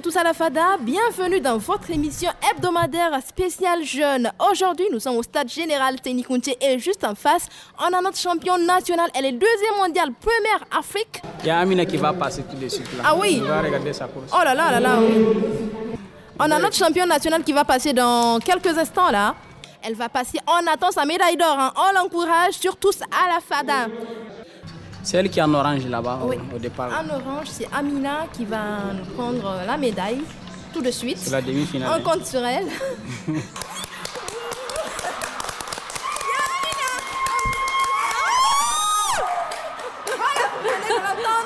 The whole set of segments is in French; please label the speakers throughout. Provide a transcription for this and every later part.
Speaker 1: tous à la Fada, bienvenue dans votre émission hebdomadaire spéciale jeune. Aujourd'hui, nous sommes au stade général Ténikunté et juste en face, on a notre champion national. Elle est deuxième mondiale, première Afrique.
Speaker 2: Il y a Amina qui va passer tout de suite Ah oui On Oh là là là là, On a notre
Speaker 1: champion national qui va passer dans quelques instants là. Elle va passer, on attend sa médaille d'or, hein. on l'encourage, surtout à la Fada.
Speaker 2: C'est elle qui est en orange là-bas au, départ. En
Speaker 1: orange, c'est Amina qui va nous prendre la médaille tout de suite. C'est la demi-finale. On hein. compte sur elle.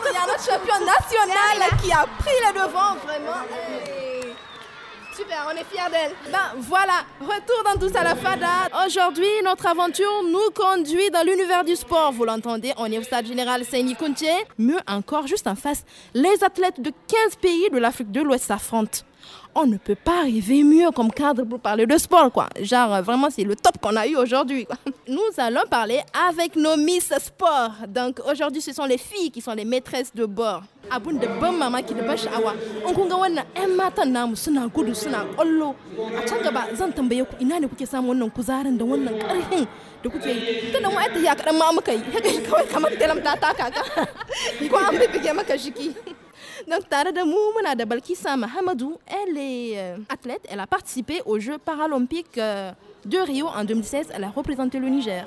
Speaker 1: Il y a champion national qui a pris le devant, vraiment. Super, on est fiers d'elle. Ben voilà, retour dans Tous à la Fada. Aujourd'hui, notre aventure nous conduit dans l'univers du sport. Vous l'entendez, on est au stade général Saint-Nicontier, Mieux encore, juste en face, les athlètes de 15 pays de l'Afrique de l'Ouest s'affrontent on ne peut pas arriver mieux comme cadre pour parler de sport, quoi. Genre, euh, vraiment, c'est le top qu'on a eu aujourd'hui. Nous allons parler avec nos Miss Sport. Donc, aujourd'hui, ce sont les filles qui sont les maîtresses de bord. abun da maman qui da ban sha'awa in kun ga wannan 'yan matan namu suna gudu suna kwallo a can gaba zan tambaye ku ina ne kuke samu wannan kuzarin da wannan karhin da kuke yi tunda mu aita ya kaɗan ma muka yi kawai kamar telam ta taka ka ko an bibige maka shiki donc Tarada Moumouna Balkissa, Mahamadou, elle est euh, athlète, elle a participé aux Jeux paralympiques euh, de Rio en 2016, elle a représenté le Niger.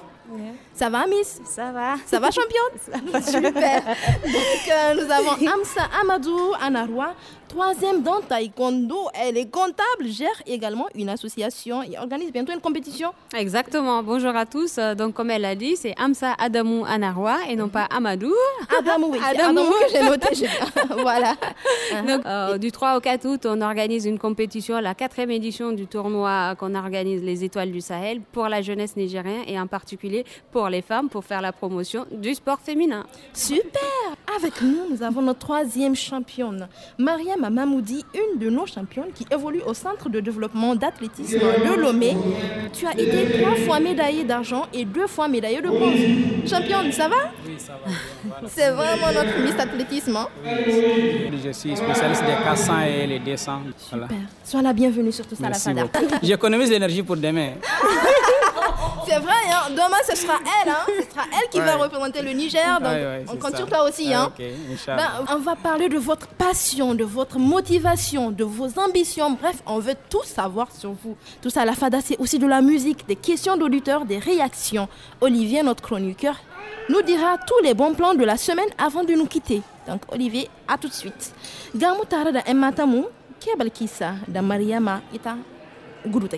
Speaker 1: Ça va, Miss Ça va. Ça va, championne Super. Donc, euh, nous avons Amsa Amadou Anarwa. Troisième dans Taekwondo,
Speaker 3: elle est comptable, gère également une association et organise bientôt une compétition. Exactement, bonjour à tous. Euh, donc comme elle l'a dit, c'est Amsa Adamou Anarwa et non pas Amadou. Adamou, oui, Adamou. que j'ai noté. voilà. Euh, du 3 au 4 août, on organise une compétition, la quatrième édition du tournoi qu'on organise les Étoiles du Sahel pour la jeunesse nigérienne et en particulier pour les femmes pour faire la promotion du sport féminin. Super
Speaker 1: Avec nous, nous avons notre troisième championne, marianne à Mamoudi, une de nos championnes qui évolue au Centre de développement d'athlétisme de Lomé. Tu as été trois fois médaillée d'argent et deux fois médaillée de bronze. Championne, ça va Oui, ça va. C'est vraiment notre Miss Athlétisme. Hein? je
Speaker 2: suis spécialiste des 400 et les 200. Super.
Speaker 1: Sois la bienvenue sur tout ça, la Fada.
Speaker 2: J'économise l'énergie pour demain.
Speaker 1: C'est vrai, hein. Demain, ce sera elle, hein. Ce sera elle qui va représenter le Niger. on continue sur aussi, ah, hein. ben, on va parler de votre passion, de votre motivation, de vos ambitions. Bref, on veut tout savoir sur vous. Tout ça, la fada, c'est aussi de la musique, des questions d'auditeurs, des réactions. Olivier, notre chroniqueur, nous dira tous les bons plans de la semaine avant de nous quitter. Donc, Olivier, à tout de suite. da da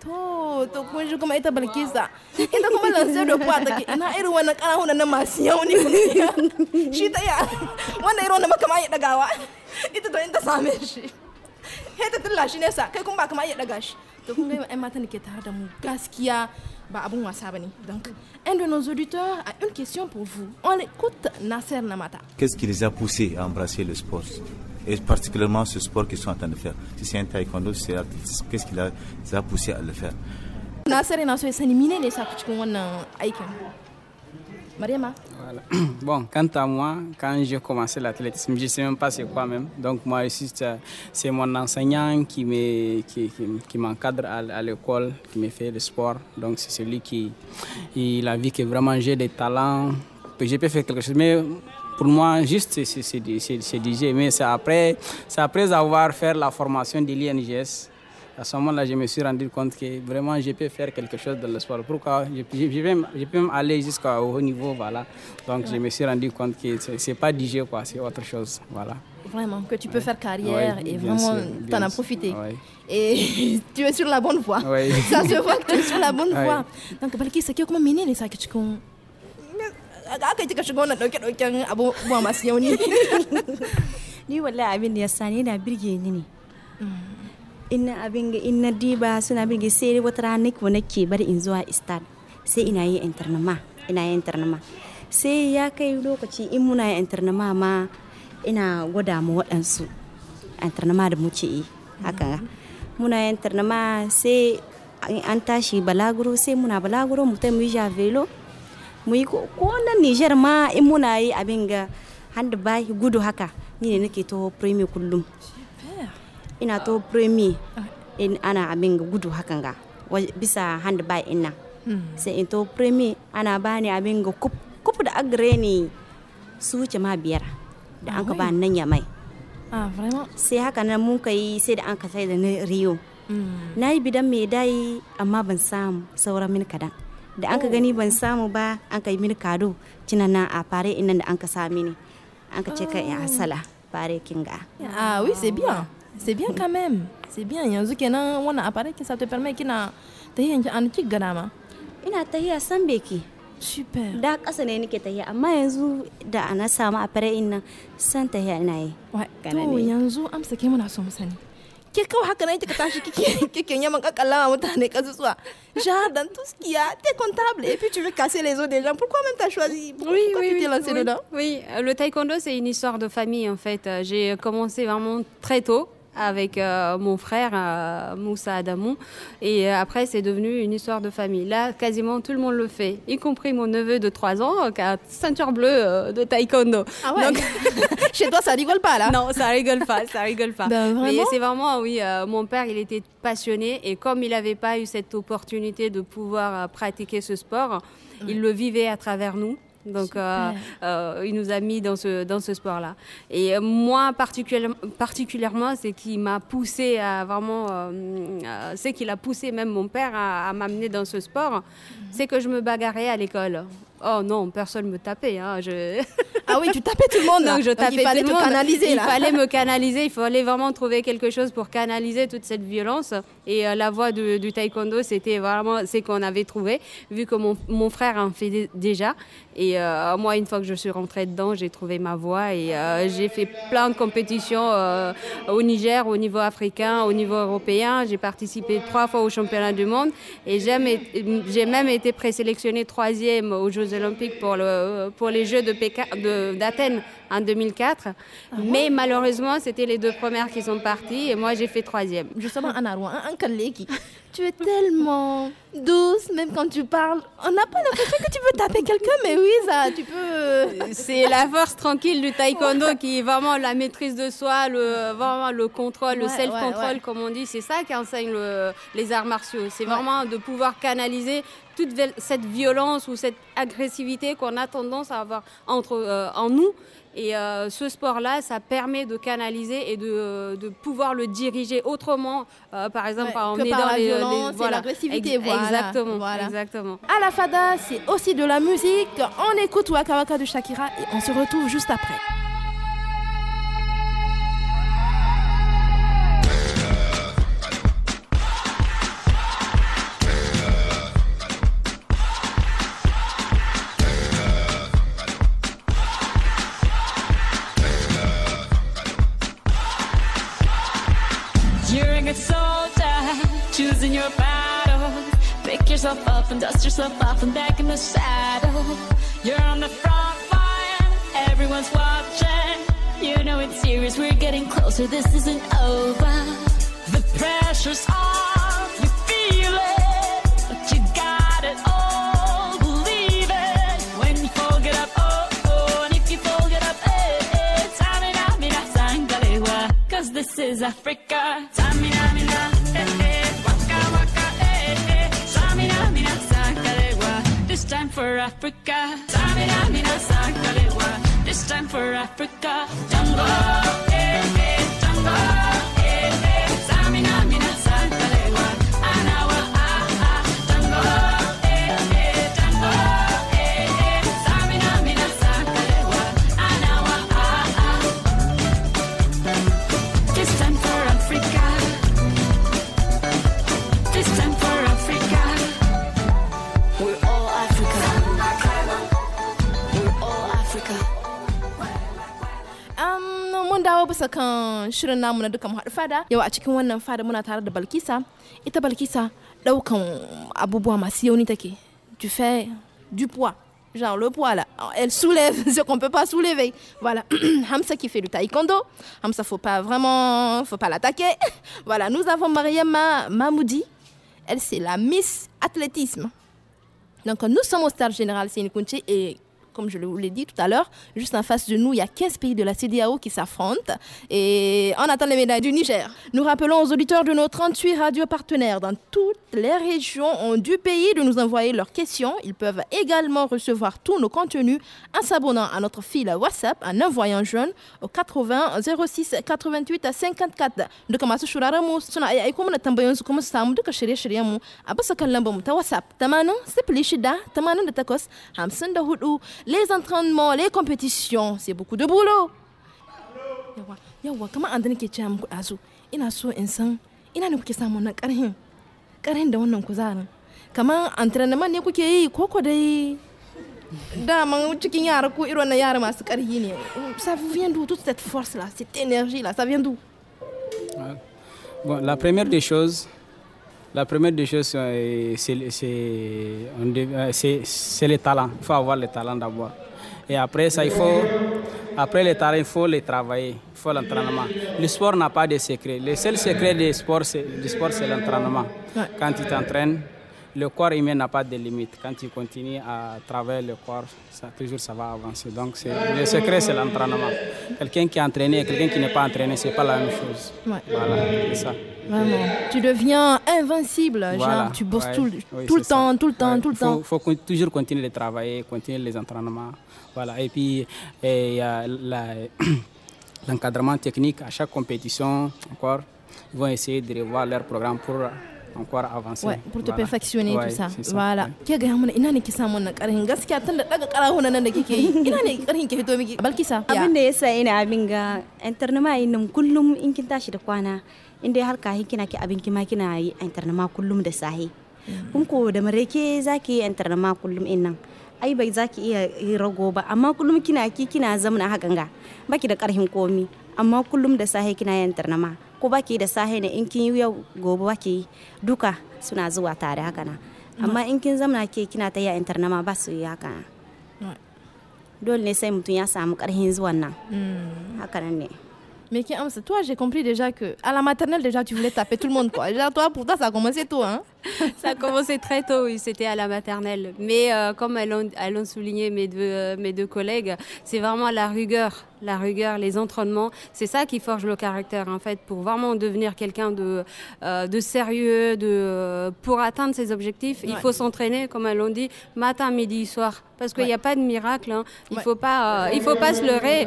Speaker 4: to to kun shi kuma ita bilkisa ita kuma lansai da kuwa take
Speaker 1: ina irin wannan ƙanahunan na masu yau ne shi ta iya wannan irin wannan makama ya dagawa ita to in ta same shi sai ta tulla shi nesa kai kuma ba kama iya daga shi to kun ga ƴan matan ke tare da mu gaskiya ba abun wasa bane donc un de nos auditeurs a une question pour vous on écoute Nasser Namata
Speaker 5: qu'est-ce qui les a poussés à embrasser le sport et particulièrement ce sport qu'ils sont en train de faire. Si c'est un taekwondo, c'est qu'est-ce qui les a poussés à le faire. Mariama voilà. Bon,
Speaker 2: quant à moi, quand j'ai commencé l'athlétisme, je ne sais même pas c'est quoi même. Donc moi, euh, c'est mon enseignant qui m'encadre qui, qui, à, l'école, qui me fait le sport. Donc c'est celui qui il a vu que vraiment j'ai des talents, que je peux faire quelque chose. Mais pour moi, juste, c'est DJ. Mais c'est après, après avoir fait la formation de l'INGS. À ce moment-là, je me suis rendu compte que vraiment, je peux faire quelque chose dans le sport. Pourquoi je, je, peux, même aller jusqu'au haut niveau, voilà. Donc, je me suis rendu compte que ce n'est pas dj quoi, c'est autre chose, voilà.
Speaker 1: Vraiment, que tu peux faire carrière et vraiment, tu en as profité. Et tu es sur la bonne voie.
Speaker 2: Ça
Speaker 1: se voit que tu es sur la bonne voie. Donc, qui c'est comment mener les sacs aka kika shiga wannan dauke
Speaker 4: dauken abubuwa masu yauni ni wallahi abin da ya sani yana birge ni ne ina abin ga ina diba suna birge sai wata rana ko nake bari in zuwa istad sai ina yi internama ina yi internama sai ya kai lokaci in muna yi internama ma ina gwada mu waɗansu internama da muke yi haka muna yi internama sai an tashi balaguro sai muna balaguro mutum yi javelo mu yi ko nan Niger ma in muna yi abin ga handa bai gudu haka ni ne nake toho premi kullum ina toho premi ah. in ana abin ga gudu hakan ga bisa handa bai ina hmm. sai in toho premi ana bani abin ga kuf da agre ne su wuce ma biyar da an ka ba nan ya mai ah, sai haka nan mun ka yi sai da an ka sai da na riyo hmm. na yi bidan mai dayi amma ban samu sauran min kadan da an ka oh. gani ban samu ba an ka yi mini kado cinan nan a fare inan da an ka sa mini an ka ce ka yi oh. asala fare kin ga
Speaker 1: ah oui c'est bien c'est bien quand même c'est bien yanzu kenan wannan fare kin sa te permet kina tahiyan ki an ki gana
Speaker 4: ma ina tahiya san beki super da kasa ne ta tahiya amma yanzu da ana samu a fare inan san tahiya ina yi to
Speaker 1: yanzu amsa ke muna so mu sani ke kawai haka nan kika tashi kike kike yaman kakkallawa mutane kasusuwa ah. genre dans tout ce qu'il
Speaker 3: y a t'es comptable et puis tu veux ah. casser eh. les os des gens pourquoi même t'as choisi pourquoi, tu t'es lancé oui, dedans oui le taekwondo c'est une histoire de famille en fait j'ai commencé vraiment très tôt avec euh, mon frère euh, Moussa Adamou. Et euh, après, c'est devenu une histoire de famille. Là, quasiment tout le monde le fait, y compris mon neveu de 3 ans qui a ceinture bleue de taekwondo. Ah Donc... Chez toi, ça rigole pas là Non, ça rigole pas, ça rigole pas. Bah, Mais c'est vraiment, oui, mon père, il était passionné et comme il n'avait pas eu cette opportunité de pouvoir pratiquer ce sport, il le vivait à travers nous. Donc, euh, euh, il nous a mis dans ce, dans ce sport-là. Et euh, moi, particulièrement, particulièrement c'est qui m'a poussé à vraiment. c'est qu'il a poussé, même mon père, à, m'amener dans ce sport. Mhm. C'est que je me bagarrais à l'école. Oh non, personne me tapait. Hein,
Speaker 1: ah oui, tu tapais tout le monde. je tapais il fallait tout le monde. canaliser. Il fallait
Speaker 3: me canaliser. Il fallait vraiment trouver quelque chose pour canaliser toute cette violence. Et la voie du, taekwondo, c'était vraiment ce qu'on avait trouvé, vu que mon, mon frère en fait déjà. Et euh, moi, une fois que je suis rentrée dedans, j'ai trouvé ma voie et euh, j'ai fait plein de compétitions euh, au Niger, au niveau africain, au niveau européen. J'ai participé trois fois aux championnats du monde et j'ai même été présélectionnée troisième aux Jeux Olympiques pour, pour les Jeux d'Athènes en 2004. Ah Mais malheureusement, c'était les deux premières qui sont parties et moi, j'ai fait troisième. Justement, Anna Rouen, un collègue
Speaker 1: tu es tellement douce,
Speaker 3: même quand tu parles. On n'a pas l'impression que tu peux taper quelqu'un, mais oui, ça, tu
Speaker 1: peux.
Speaker 3: C'est la force tranquille du taekwondo qui est vraiment la maîtrise de soi, le, vraiment le contrôle, le self-control, comme on dit. C'est ça qui enseigne les arts martiaux. C'est vraiment de pouvoir canaliser toute cette violence ou cette agressivité qu'on a tendance à avoir entre, euh, en nous et euh, ce sport-là, ça permet de canaliser et de, pouvoir le diriger autrement, euh, par exemple, en les, l'agressivité. Exactement, voilà.
Speaker 1: exactement. À ah, la Fada, c'est aussi de la musique. On écoute Waka Waka de Shakira et on se retrouve juste après.
Speaker 2: Africa. Jungle.
Speaker 1: Parce que quand je a du poids genre le poids là. Elle soulève ce qu'on peut pas soulever. Voilà. Hamza qui fait du taekwondo. Hamza, faut pas vraiment, faut pas l'attaquer. voilà. Nous avons Mariama Mamoudi. Elle, c'est la Miss Athlétisme. Donc, nous sommes au stade général et comme je l'ai dit tout à l'heure. Juste en face de nous, il y a 15 pays de la CDAO qui s'affrontent et on attend les médailles du Niger. Nous rappelons aux auditeurs de nos 38 radios partenaires dans toutes les régions du pays de nous envoyer leurs questions. Ils peuvent également recevoir tous nos contenus en s'abonnant à notre fil WhatsApp en envoyant jeune au 80 06 88 54. Nous masu shuraren 80 06 88 54 les entraînements, les compétitions, c'est beaucoup de boulot. Yawa, yawa, kamar an da nake cewa muku ɗazu, ina so in san ina ne kuke samun nan ƙarhin, ƙarhin da wannan kuzarin. Kamar entraînement ne kuke yi koko dai daman cikin yara ko irin wannan yara masu ƙarhi ne. Ça vient d'où toute cette force là, cette énergie là, ça vient d'où?
Speaker 2: Bon, la première des choses, la première des choses, euh, c'est le euh, talent. Il faut avoir le talent d'abord. Et après ça, il faut, après les talents, il faut les travailler, il faut l'entraînement. Le sport n'a pas de secret. Le seul secret du sport, c'est l'entraînement. Quand tu t'entraînes, le corps humain n'a pas de limite. Quand tu continues à travailler le corps, ça, toujours ça va avancer. Donc le secret, c'est l'entraînement. Quelqu'un qui est entraîné quelqu'un qui n'est pas entraîné, ce n'est pas la même chose. Voilà, c'est ça.
Speaker 1: Tu deviens invincible. tu bosses tout, le temps, tout, le temps, tout le temps, Il
Speaker 2: faut toujours continuer de travailler, continuer les entraînements. Voilà. Et puis, il l'encadrement technique à chaque compétition encore. Ils vont essayer de revoir leur programme pour encore avancer ouais, pour te voilà. perfectionner ouais, tout ça, ça voilà
Speaker 4: ke ga mana ina ne ki samu wannan karhin gaskiya tun da daga karahunan nan da kike yi ina ne karhin ke hito miki balki sa abin da yasa ina abin ga internama nan kullum in kin tashi da kwana in dai har kahi kina ki abin ki ma kina yi internama kullum da sahi mm. kun ko da mareke zaki yi internama kullum in nan ai bai zaki iya rago ba amma kullum kina ki kina zamna hakan ga baki da karhin komi amma kullum da sahe kina yantar na ma ko baki da sahe ne in kin yi yau gobe baki duka suna zuwa tare haka na amma in kin zamana ke kina ta yi yantar na ma ba su yi haka na dole ne sai mutum ya samu karhin zuwan nan
Speaker 1: hmm.
Speaker 4: haka nan ne Mais qui, toi, j'ai compris déjà que à la maternelle,
Speaker 1: déjà, tu voulais taper tout le monde, quoi. Déjà, toi, pour toi, ça a commencé toi, hein
Speaker 3: ça a commencé très tôt, oui, c'était à la maternelle. Mais euh, comme elles l'ont, souligné mes deux, euh, mes deux collègues, c'est vraiment la rigueur, la rigueur, les entraînements. C'est ça qui forge le caractère, en fait, pour vraiment devenir quelqu'un de, euh, de sérieux, de, pour atteindre ses objectifs. Il faut s'entraîner, comme elles l'ont dit, matin, midi, soir. Parce qu'il n'y a pas de miracle. Hein. Il ne faut, pas, il faut pas se leurrer.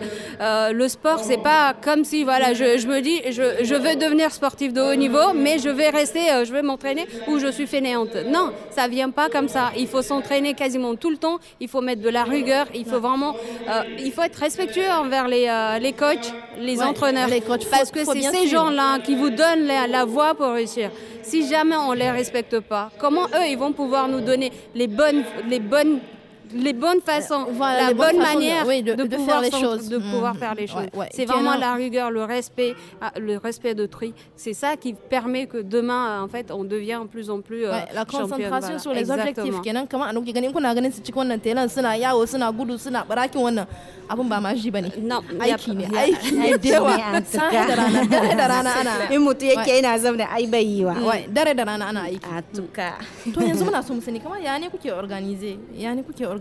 Speaker 3: le sport, c'est pas comme si, voilà, je, je me dis, je, je veux devenir sportif de haut niveau, mais je vais rester, je vais m'entraîner ou je suis fainéante. Non, ça vient pas comme ça. Il faut s'entraîner quasiment tout le temps. Il faut mettre de la rigueur. Il faut vraiment, euh, il faut être respectueux envers les, euh, coachs, les entraîneurs, les coachs, parce que c'est ces gens-là qui vous donnent la, la voie pour réussir. Si jamais on les respecte pas, comment eux ils vont pouvoir nous donner les bonnes, les bonnes les bonnes façons, la bonne, manière de, mmh. faire les choses. De pouvoir faire les choses. C'est vraiment la rigueur, le respect, ah, le respect d'autrui. C'est ça qui permet que demain, en fait, on devient de plus en plus. Euh, ouais, la concentration sur les objectifs. quand championne,
Speaker 1: voilà. sur les Exactement. objectifs. Non, abun ba ma shi bane aiki ne aiki ne dewa dare da rana ana in mutu yake yana zaune ai bai yi wa mm. dare da rana ana aiki a tuka to yanzu muna so mu sani kamar ya ne kuke organize ya ne kuke organize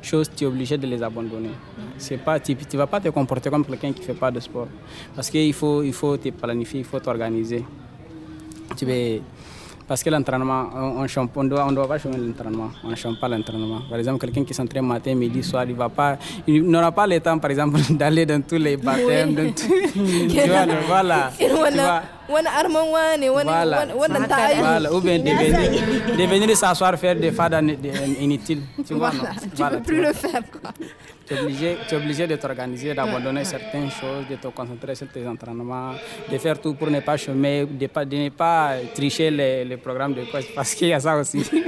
Speaker 2: tu es obligé de les abandonner. C'est pas, tu ne vas pas te comporter comme quelqu'un qui ne fait pas de sport. Parce qu'il faut, il faut te planifier, il faut t'organiser. Tu veux parce que l'entraînement, on ne doit, pas chômer l'entraînement. On ne chante pas l'entraînement. Par exemple, quelqu'un qui s'entraîne matin, midi, soir, il n'aura pas le temps, par exemple, d'aller dans tous les baptêmes. voilà. Voilà. Ou bien devenir, devenir s'asseoir, faire des fadas inutiles. Tu vois, voilà. Tu peux plus le faire tu es obligé, de t'organiser, d'abandonner certaines choses, de te concentrer sur tes entraînements, de faire tout pour ne pas chômer, de, ne pas tricher les, programmes de poste, parce qu'il y a ça aussi.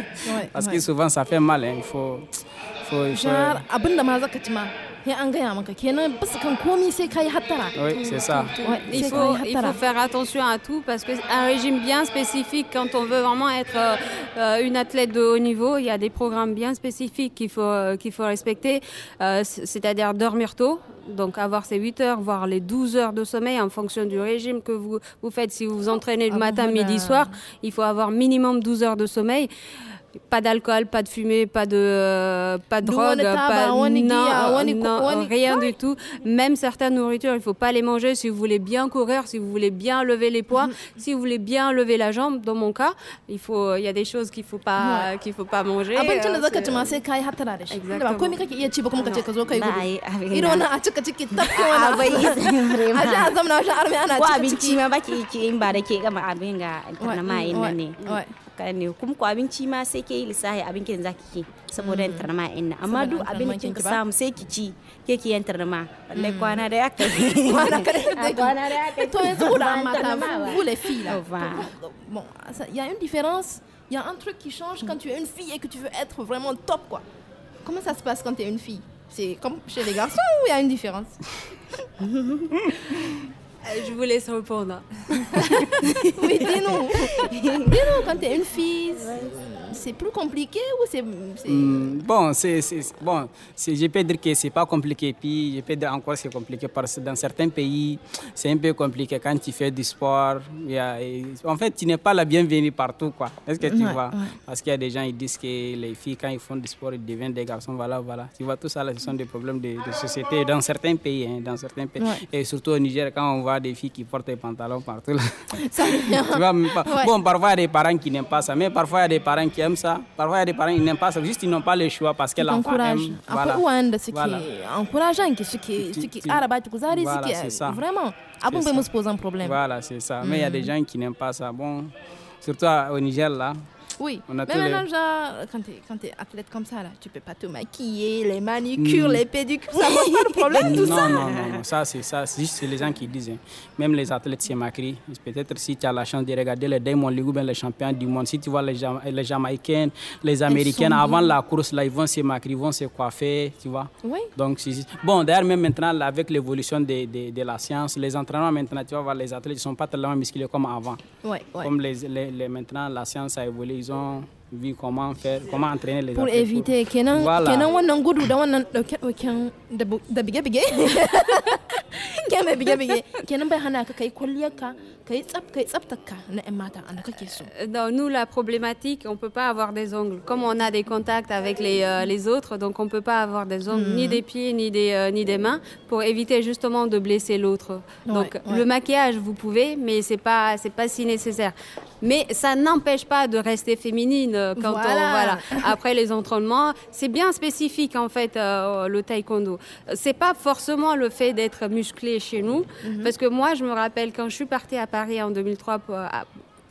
Speaker 2: parce que souvent, ça fait mal. Hein. Il faut,
Speaker 3: oui c'est ça
Speaker 1: il, faut, il faut
Speaker 3: faire attention à tout parce que un régime bien spécifique quand on veut vraiment être euh, euh, une athlète de haut niveau il y a des programmes bien spécifiques qu'il faut euh, qu'il faut respecter c'est-à-dire dormir tôt donc avoir ces 8 heures voire les 12 heures de sommeil en fonction du régime que vous vous faites si vous vous entraînez le ah, matin midi soir il faut avoir minimum 12 heures de sommeil pas d'alcool, pas de fumée, pas de euh, pas de drogue, pas rien du tout. Même certaines nourritures, il faut pas les manger si vous voulez bien courir, si vous voulez bien lever les poids, mm-hmm. si vous voulez bien lever la jambe. Dans mon cas, il faut il y a des choses qu'il faut pas qu'il faut pas manger
Speaker 4: kaɗan ne kuma ko abinci ma sai ke yi lissahi abin kin zaki ke saboda yan mm. tarnama yan nan amma duk abin kin ka samu sai ki ci ke ki yan tarnama wallahi mm. kwana da yaka kwana da yaka to yanzu ku da mata vous les filles
Speaker 1: bon il y a une différence il y a un truc qui change quand tu es une fille et que tu veux être vraiment top quoi comment ça se passe quand tu es une fille c'est comme chez les garçons ou il y a une différence
Speaker 3: Euh, je vous laisse répondre. oui,
Speaker 1: dis-nous. Dis-nous quand t'es une fille c'est plus compliqué ou c'est...
Speaker 2: Hmm, bon, c'est, bon je peux dire que c'est pas compliqué. Puis je peux dire encore c'est compliqué parce que dans certains pays, c'est un peu compliqué quand tu fais du sport. A, en fait, tu n'es pas la bienvenue partout. quoi. Est-ce que tu vois Parce qu'il y a des gens qui disent que les filles, quand ils font du sport, ils deviennent des garçons. Voilà, voilà. Tu vois, tout ça, là, ce sont des problèmes de, société dans certains pays. Hein, dans certains pays. Et surtout au Niger, quand on voit des filles qui portent des pantalons partout. Bon, parfois, il y a des parents qui n'aiment pas ça. Mais parfois, il y a des parents qui ça. Parfois, il y a des parents, ils n'aiment pas ça. Juste, ils n'ont pas le choix parce que l'enfant aime. Voilà. Voilà.
Speaker 1: Encourageant, ce qui, ce qui, est voilà, ce qui, ça. vraiment. on peut se
Speaker 2: poser un problème. Voilà, c'est ça. Mais il y a des mm. gens qui n'aiment pas ça. Bon, surtout au Niger, là,
Speaker 1: oui. mais maintenant, genre, quand t'es, es athlète comme ça, là, tu peux pas te maquiller, les manicures, mm. les pédicures, ça pose pas de problème, mm. tout ça. Non, non, non,
Speaker 2: ça, c'est ça. C'est juste les gens qui disent. Hein. Même les athlètes s'y maquillent. Peut-être si tu as la chance de regarder les Diamond League ou bien les champions du monde, si tu vois les, les Jamaïcaines, les Américaines, avant la course, là, ils vont se maquiller, ils vont se coiffer, tu vois. Oui. Donc, Bon, d'ailleurs, même maintenant, avec l'évolution de, la science, les entraînements maintenant, tu vas voir, les athlètes ils sont pas tellement musclés comme avant. Oui, oui. Comme les, les, maintenant, la science a évolué, ont comment faire, comment entraîner les Pour athlètes. éviter
Speaker 1: kenan voilà. kenan wannan gudu da wannan dauke dauken da bige bige. Kenan bige bige kenan bai
Speaker 3: hana ka kai kulliyarka, kai tsaf kai tsaftarka na ƴan mata an kake so. Dans nous la problématique, on peut pas avoir des ongles. Comme on a des contacts avec les euh, les autres, donc on peut pas avoir des ongles ni mm. des pieds ni des euh, ni des mains pour éviter justement de blesser l'autre. Donc le maquillage vous pouvez mais c'est pas c'est pas si nécessaire mais ça n'empêche pas de rester féminine euh, Après les entraînements, c'est bien spécifique en fait euh, le taekwondo. n'est pas forcément le fait d'être musclé chez nous, mhm. parce que moi je me rappelle quand je suis partie à Paris en 2003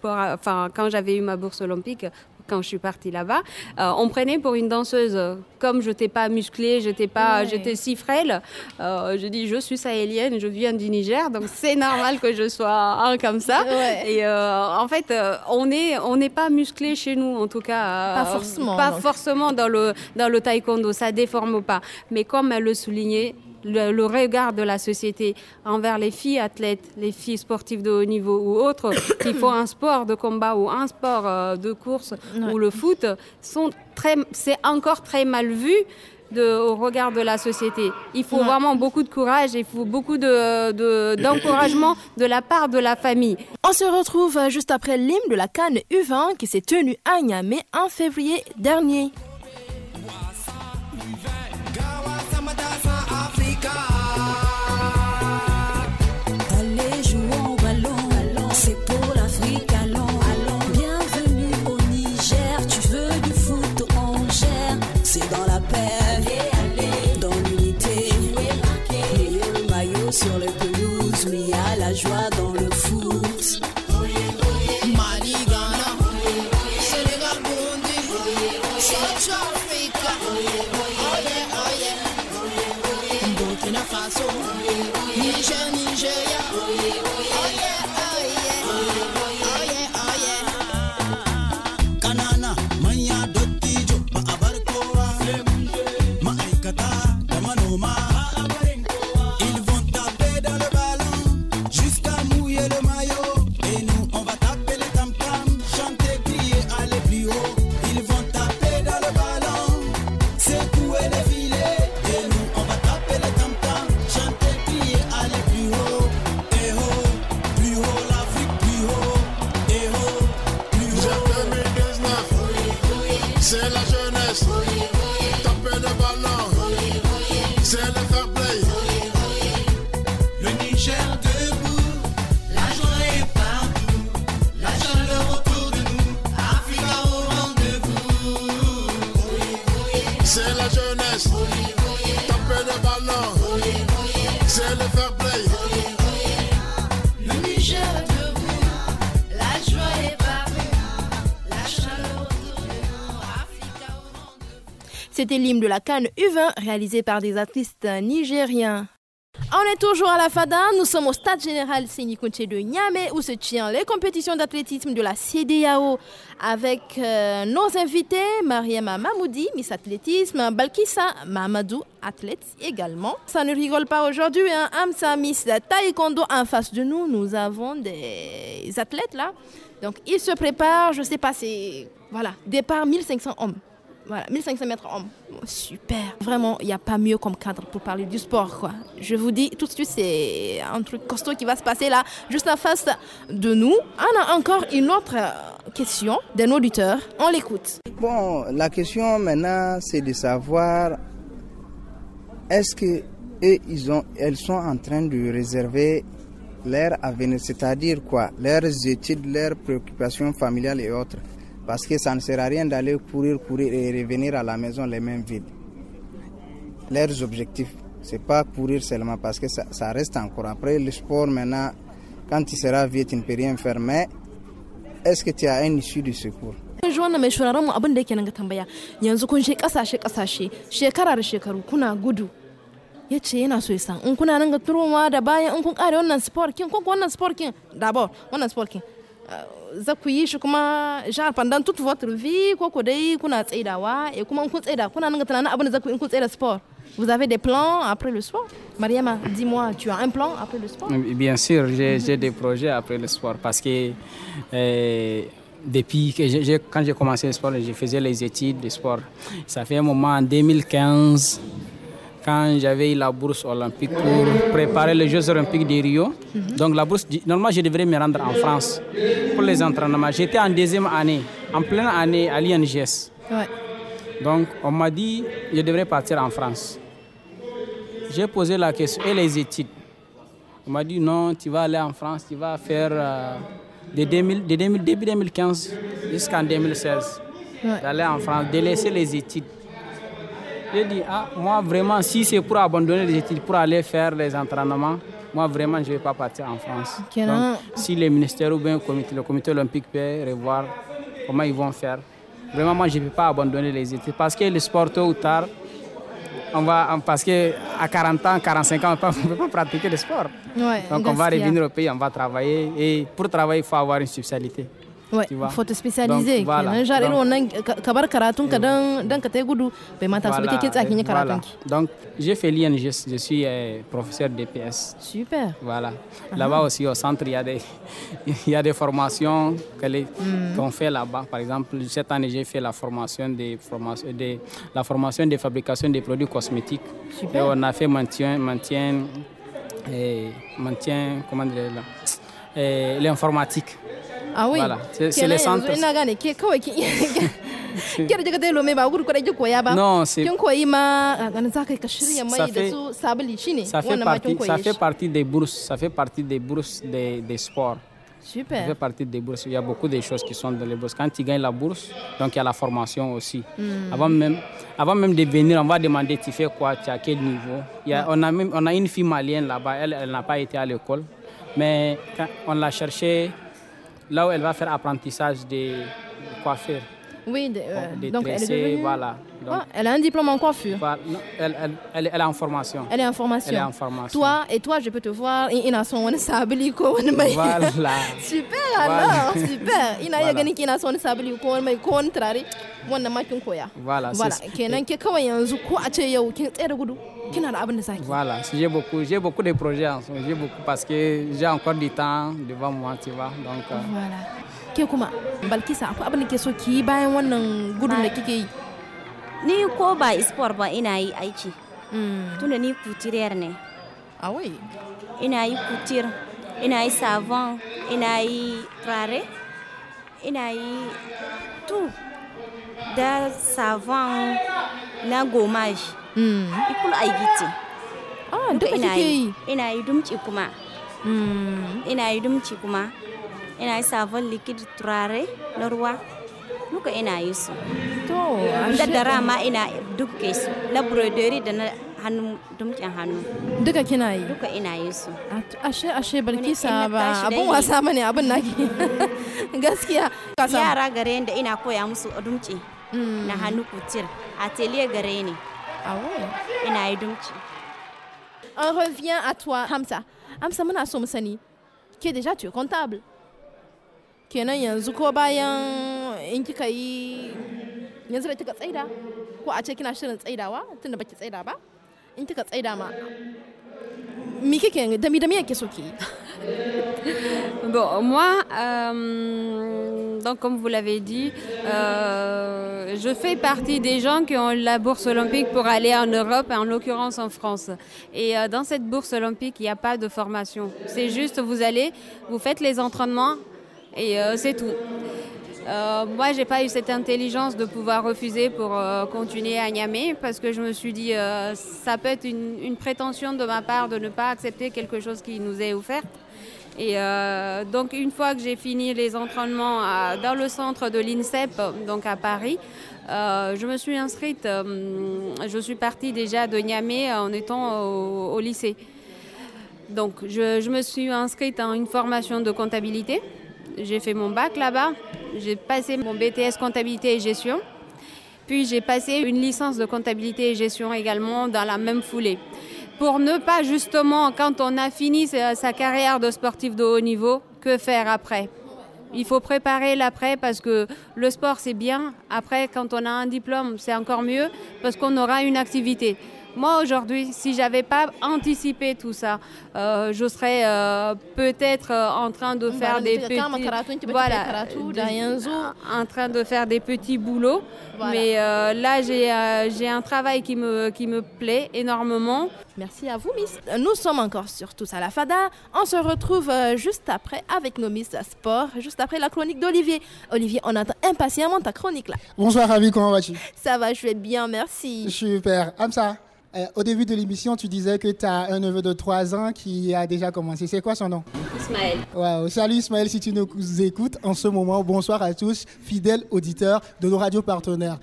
Speaker 3: enfin, quand j'avais eu ma bourse olympique, quand je suis partie là-bas, euh, on prenait pour une danseuse. Comme je n'étais pas musclée, j'étais pas, j'étais si frêle, euh, je dis je suis sahélienne, je viens du Niger, donc c'est normal que je sois un comme ça. Et euh, en fait, on n'est on n'est pas musclé chez nous, en tout cas. pas forcément. Pas forcément dans le, dans le taekwondo, ça déforme pas. Mais comme elle le soulignait, le, regard de la société envers les filles athlètes, les filles sportives de haut niveau ou autres qui font un sport de combat ou un sport euh, de course ou le foot, sont très, c'est encore très mal vu. au regard de la société. Il faut vraiment beaucoup de courage, il faut beaucoup d'encouragement de, d'encouragement de, la part de la famille. On se retrouve juste après l'hymne de la Cannes U20 qui s'est tenue
Speaker 1: à Niamey en février dernier. C'était l'hymne de la canne U20 réalisé par des artistes nigériens. On est toujours à la FADA, nous sommes au stade général Sénikonche de Niamey où se tiennent les compétitions d'athlétisme de la CDAO avec euh, nos invités Mariama Mamoudi, Miss Athlétisme, Balkissa Mamadou, athlète également. Ça ne rigole pas aujourd'hui, hein, Hamza Miss Taekwondo en face de nous, nous avons des athlètes là. Donc ils se préparent, je sais pas, c'est voilà, départ 1500 hommes. Voilà, 1500 mètres Super. Vraiment, il n'y a pas mieux comme cadre pour parler du sport. Quoi. Je vous dis, tout de suite, c'est un truc costaud qui va se passer là, juste en face de nous. On a encore une autre euh, question d'un auditeur.
Speaker 2: On l'écoute. Bon, la question maintenant, c'est de savoir est-ce que eux, ils ont, elles sont en train de réserver leur avenir, c'est-à-dire quoi Leurs études, leurs préoccupations familiales et autres. Parce que ça ne sert à rien d'aller courir, courir et revenir à la maison les mêmes vides. Leurs objectifs, c'est pas courir seulement parce que ça, ça, reste encore. Après, le sport maintenant, quand tu seras vieux, tu ne peux rien faire. Mais est-ce que tu as un issue de secours
Speaker 1: ji mai shuraren mu abin da yake nan ga tambaya yanzu kun je kasashe kasashe shekara da shekaru kuna gudu yace yana so ya san in kuna nan ga turowa da bayan in kun kare wannan sport kin kun wannan sport kin da wannan sport kin euh, za kuma toute votre vie kuna e kuma kun kuna kun sport Vous avez des plans après le sport Mariama, dis-moi, tu as un plan après le sport
Speaker 2: Bien sûr, j'ai des projets après le sport parce que euh, depuis que j'ai, quand j'ai commencé le sport, je faisais les études de sport. Ça fait un moment en 2015 quand j'avais la bourse olympique pour préparer les Jeux olympiques de Rio. Donc la bourse, normalement, je devrais me rendre en France pour les entraînements. J'étais en deuxième année, en pleine année à l'INGS. Donc on m'a dit, je devrais partir en France. J'ai posé la question, et les études On m'a dit, non, tu vas aller en France, tu vas faire euh, début 2015 jusqu'en 2016. D'aller en France, délaisser les études je dis, ah, moi vraiment, si c'est pour abandonner les études, pour aller faire les entraînements, moi vraiment, je ne vais pas partir en France. si le ministère ou bien le comité, le comité olympique peut revoir comment ils vont faire. Vraiment, moi, je ne peux pas abandonner les études parce que les sport, tôt ou tard, on va, parce qu'à 40 ans, 45 ans, on ne peut pas pratiquer le sport.
Speaker 1: Donc, on va revenir au
Speaker 2: pays, on va travailler. Et pour travailler, il faut avoir une spécialité.
Speaker 1: Oui, faut te spécialiser karatun eh dan ka mata
Speaker 2: donc j'ai fait l'INGS je suis euh, professeur d'EPS super voilà ah là-bas ah. aussi au centre il y a des il y a des formations hmm. qu'on fait là-bas par exemple cette année j'ai fait la formation des formations la formation de fabrication des produits cosmétiques et on a fait maintien maintien et maintien comment dire là l'informatique
Speaker 1: ah oui c'est les centres bah, non c'est ah, Ça fait hein. ça fait
Speaker 2: partie des bourses ça fait partie des bourses des des sports Super. Ça fait partie des bourses. Il y a beaucoup de choses qui sont dans les bourses. Quand tu gagnes la bourse, donc il y a la formation aussi. Hmm. Avant, même, avant même de venir, on va demander tu fais quoi, tu as quel niveau. Il y a, on, a même, on a une fille malienne là-bas, elle, elle n'a pas été à l'école. Mais on l'a cherchée là où elle va faire apprentissage de coiffure.
Speaker 1: Oui, de, euh, donc, donc elle est devenue... Voilà.
Speaker 2: Ah, donc, oh, elle a un diplôme en coiffure. Voilà. Elle, elle, elle, elle, est en formation. Elle
Speaker 1: est en formation. Elle est en
Speaker 2: formation. Toi
Speaker 1: et toi, je peux te voir. Voilà. super alors, super. Ina ya gani kina son sabli ko mai contrary wannan makin koya. Voilà. Voilà. Kenan ke kawai yanzu ko a ce yau kin tsere gudu. Kina da abin da zaki.
Speaker 2: Voilà, j'ai beaucoup j'ai beaucoup de projets en ce moment, j'ai beaucoup parce que j'ai encore du temps devant moi, tu vois. Donc euh... Voilà.
Speaker 1: ke kuma balkisa akwai abin da ke so ki
Speaker 4: bayan wannan gudun da kike yi ni ko ba sport ba ina yi aiki hmm. tunda ni kutiriyar ne awai ina yi kutir ina yi savon ina yi turare ina yi tu da savon na gomage hmm. ikul aigiti ah duka ina yi ina yi dumci kuma hmm. ina yi dumci kuma ina yi savon likid turare na ruwa nuka ina yi su to dara ma ina dubke su na broderi da na hannu dumkin hannu duka kina yi duka ina yi su
Speaker 1: ashe ashe barki ba abun wasa mane abun naki
Speaker 4: gaskiya yara gare da ina koya musu dumke mm. na hannu kutir atelier gare ne ina yi dumke on revient à toi Hamsa Hamsa muna so mu sani
Speaker 1: ke deja tu es comptable Bon,
Speaker 3: moi, euh, donc comme vous l'avez dit, euh, je fais partie des gens qui ont la bourse olympique pour aller en Europe, en l'occurrence en France. Et euh, dans cette bourse olympique, il n'y a pas de formation. C'est juste, vous allez, vous faites les entraînements, et euh, c'est tout. Euh, moi, j'ai pas eu cette intelligence de pouvoir refuser pour euh, continuer à Niamey parce que je me suis dit, euh, ça peut être une, prétention de ma part de ne pas accepter quelque chose qui nous est offert. Et donc, une fois que j'ai fini les entraînements dans le centre de l'INSEP, donc à Paris, je me suis inscrite. je suis partie déjà de Niamey en étant au, lycée. Donc, je, je, me suis inscrite en une formation de comptabilité j'ai fait mon bac là-bas, j'ai passé mon BTS comptabilité et gestion, puis j'ai passé une licence de comptabilité et gestion également dans la même foulée. Pour ne pas justement, quand on a fini sa carrière de sportif de haut niveau, que faire après il faut préparer l'après parce que le sport c'est bien. Après, quand on a un diplôme, c'est encore mieux parce qu'on aura une activité. Moi aujourd'hui, si j'avais pas anticipé tout ça, euh, je serais euh, peut-être euh, en train de faire des petits, voilà, en train de faire des petits boulots. Mais là, j'ai un travail qui me qui me plaît énormément. Merci à vous, Miss. Nous sommes encore sur Tous à la Fada. On se retrouve
Speaker 1: juste après avec nos Miss Sport, juste après la chronique d'Olivier. Olivier, on attend impatiemment ta chronique
Speaker 5: là. Bonsoir, Ravi, comment vas-tu Ça va, je vais bien, merci. Super. Amsa, euh, au début de l'émission, tu disais que tu as un neveu de 3 ans qui a déjà commencé. C'est quoi son nom Ismaël. Wow. Salut Ismaël, si tu nous écoutes en ce moment, bonsoir à tous, fidèles auditeurs de nos radios partenaires.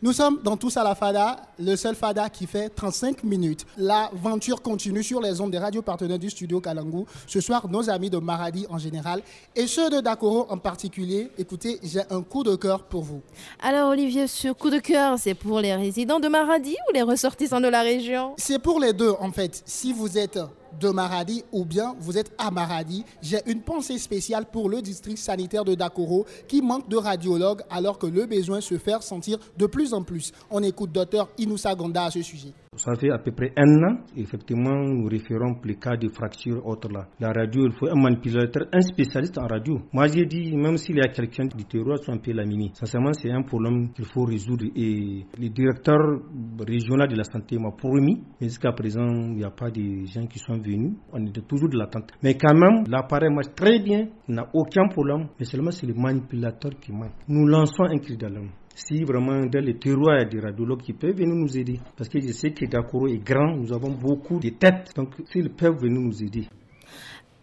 Speaker 5: Nous sommes dans Tous à la Fada, le seul Fada qui fait 35 minutes. L'aventure continue sur les ondes des radios partenaires du studio Kalangu. Ce soir, nos amis de Maradi en général et ceux de Dakoro en particulier. Écoutez, j'ai un coup de cœur pour vous. Alors Olivier, ce coup de cœur, c'est pour les résidents de Maradi ou les ressortissants de la région C'est pour les deux en fait. Si vous êtes de Maradi ou bien vous êtes à Maradi. J'ai une pensée spéciale pour le district sanitaire de Dakoro qui manque de radiologues alors que le besoin se fait sentir de plus en plus. On écoute Dr Inoussa Ganda à ce sujet. Ça fait à peu près un an. Effectivement, nous référons les cas de fracture autre là. La radio, il faut un manipulateur, un spécialiste en radio. Moi, j'ai dit, même s'il y a quelqu'un du terroriste, sont un peu mini, Sincèrement, c'est un problème qu'il faut résoudre. Et le directeur régional de la santé m'a promis, mais jusqu'à présent, il n'y a pas de gens qui sont venus. On est toujours de l'attente. Mais quand même, l'appareil marche très bien, il n'a aucun problème, mais seulement c'est le manipulateur qui manque. Nous lançons un cri d'alarme si vraiment dans les terroirs, des radiologues qui peuvent venir nous aider. Parce que je sais que Dakoro est grand, nous avons beaucoup de têtes, donc s'ils peuvent venir nous aider.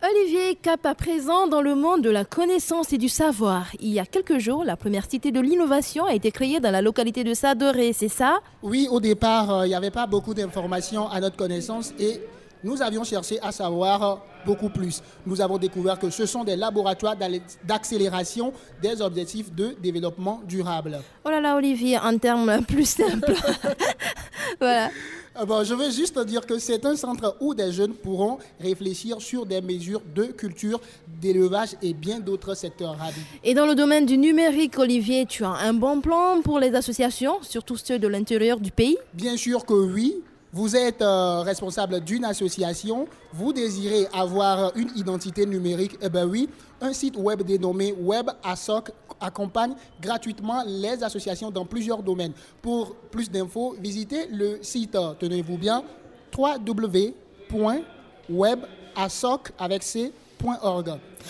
Speaker 1: Olivier Cap à présent dans le monde de la connaissance et du savoir. Il y a quelques jours, la première cité de l'innovation
Speaker 5: a été créée dans la localité de Sadoré, c'est ça Oui, au départ, euh, il n'y avait pas beaucoup d'informations à notre connaissance et nous avions cherché à savoir beaucoup plus. Nous avons découvert que ce sont des laboratoires d'accélération des objectifs de développement durable. Oh là là, Olivier, en termes plus simples. voilà. Euh, bon, je veux juste dire que c'est un centre où des jeunes pourront réfléchir sur des mesures de culture, d'élevage et bien d'autres secteurs
Speaker 1: Et dans le domaine du numérique, Olivier, tu as un bon
Speaker 5: plan pour les associations, surtout ceux de l'intérieur du pays Bien sûr que oui. Vous êtes euh, responsable d'une association, vous désirez avoir une identité numérique, et eh bien oui, un site web dénommé Web ASOC accompagne gratuitement les associations dans plusieurs domaines. Pour plus d'infos, visitez le site, euh, tenez-vous bien, www.webasoc avec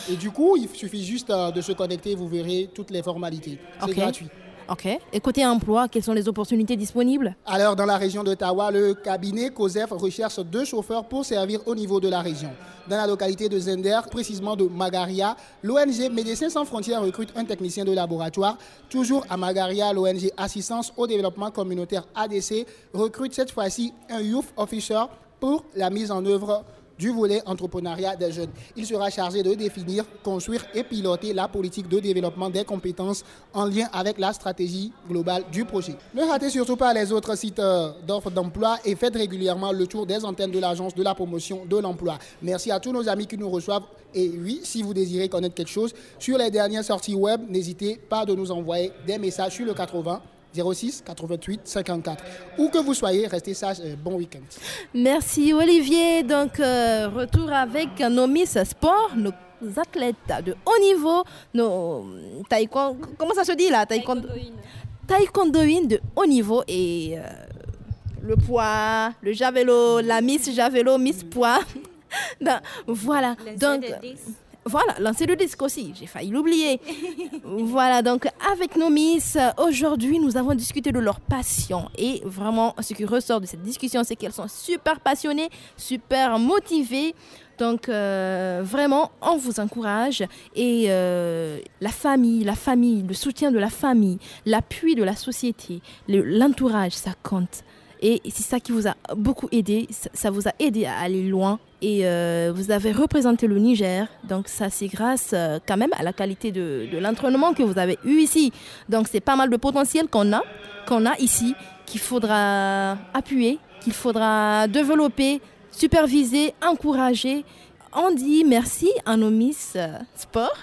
Speaker 5: Et du coup, il suffit juste euh, de se connecter, vous verrez toutes les formalités. C'est gratuit. Ok. Et côté emploi, quelles sont les opportunités disponibles Alors, dans la région d'Ottawa, le cabinet COSEF recherche deux chauffeurs pour servir au niveau de la région. Dans la localité de Zender, précisément de Magaria, l'ONG Médecins sans frontières recrute un technicien de laboratoire. Toujours à Magaria, l'ONG Assistance au développement communautaire ADC recrute cette fois-ci un Youth Officer pour la mise en œuvre du volet entrepreneuriat des jeunes. Il sera chargé de définir, construire et piloter la politique de développement des compétences en lien avec la stratégie globale du projet. Ne ratez surtout pas les autres sites euh, d'offres d'emploi et faites régulièrement le tour des antennes de l'Agence de la promotion de l'emploi. Merci à tous nos amis qui nous reçoivent. Et oui, si vous désirez connaître quelque chose sur les dernières sorties web, n'hésitez pas de nous envoyer des messages sur le 80 06 88 54. Où que vous soyez, restez sage bon week-end. Merci Olivier. Donc, euh, retour avec nos Miss Sport, nos
Speaker 1: athlètes de haut niveau, nos taekwondo. Comment ça se dit là Taekwondo. de haut niveau et euh, le poids, le javelot, la Miss Javelot, Miss Poids. voilà. Donc. Voilà, lancer le disque aussi, j'ai failli l'oublier. voilà, donc avec nos miss, aujourd'hui nous avons discuté de leur passion. Et vraiment, ce qui ressort de cette discussion, c'est qu'elles sont super passionnées, super motivées. Donc euh, vraiment, on vous encourage. Et euh, la famille, la famille, le soutien de la famille, l'appui de la société, l'entourage, ça compte. Et c'est ça qui vous a beaucoup aidé, ça vous a aidé à aller loin et euh, vous avez représenté le Niger. Donc ça, c'est grâce euh, quand même à la qualité de, l'entraînement que vous avez eu ici. Donc c'est pas mal de potentiel qu'on a, qu'on a ici, qu'il faudra appuyer, qu'il faudra développer, superviser, encourager. On dit merci à nos Miss euh, Sport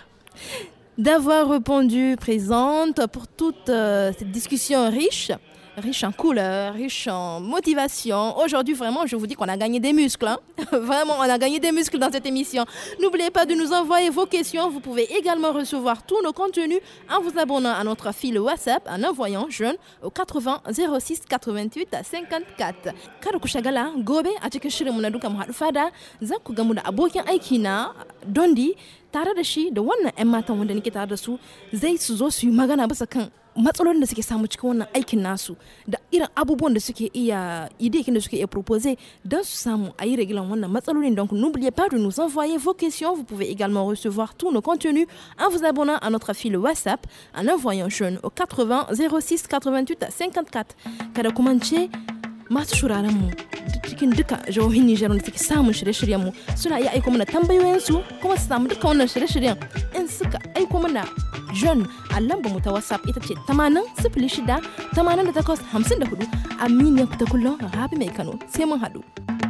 Speaker 1: d'avoir répondu présente pour toute cette discussion riche riche en couleurs, riche en motivation. Aujourd'hui, vraiment, je vous dis qu'on a gagné des muscles. Hein. vraiment, on a gagné des muscles dans cette émission. N'oubliez pas de nous envoyer vos questions. Vous pouvez également recevoir tous nos contenus en vous abonnant à notre fil WhatsApp en envoyant jeune au 80 06 88 54. gobe Dondi tare da shi da su zai su magana bisa matsalolin da suke samu cikin wannan aikin nasu da irin abubuwan da suke iya donc n'oubliez pas de nous envoyer vos questions vous pouvez également recevoir tous nos contenus en vous abonnant à notre fil WhatsApp en envoyant jeune au 80 06 88 54 kada masu shuraren mu cikin duka jihohin Nijar da suke samun shirye-shiryen mu suna iya aiko mana tambayoyinsu kuma su samu duka wannan shirye-shiryen in suka aiko mana John a lambar mu ta WhatsApp ita ce 80 06 88 54 Aminiya ta kullum Rabi mai Kano sai mun haɗu.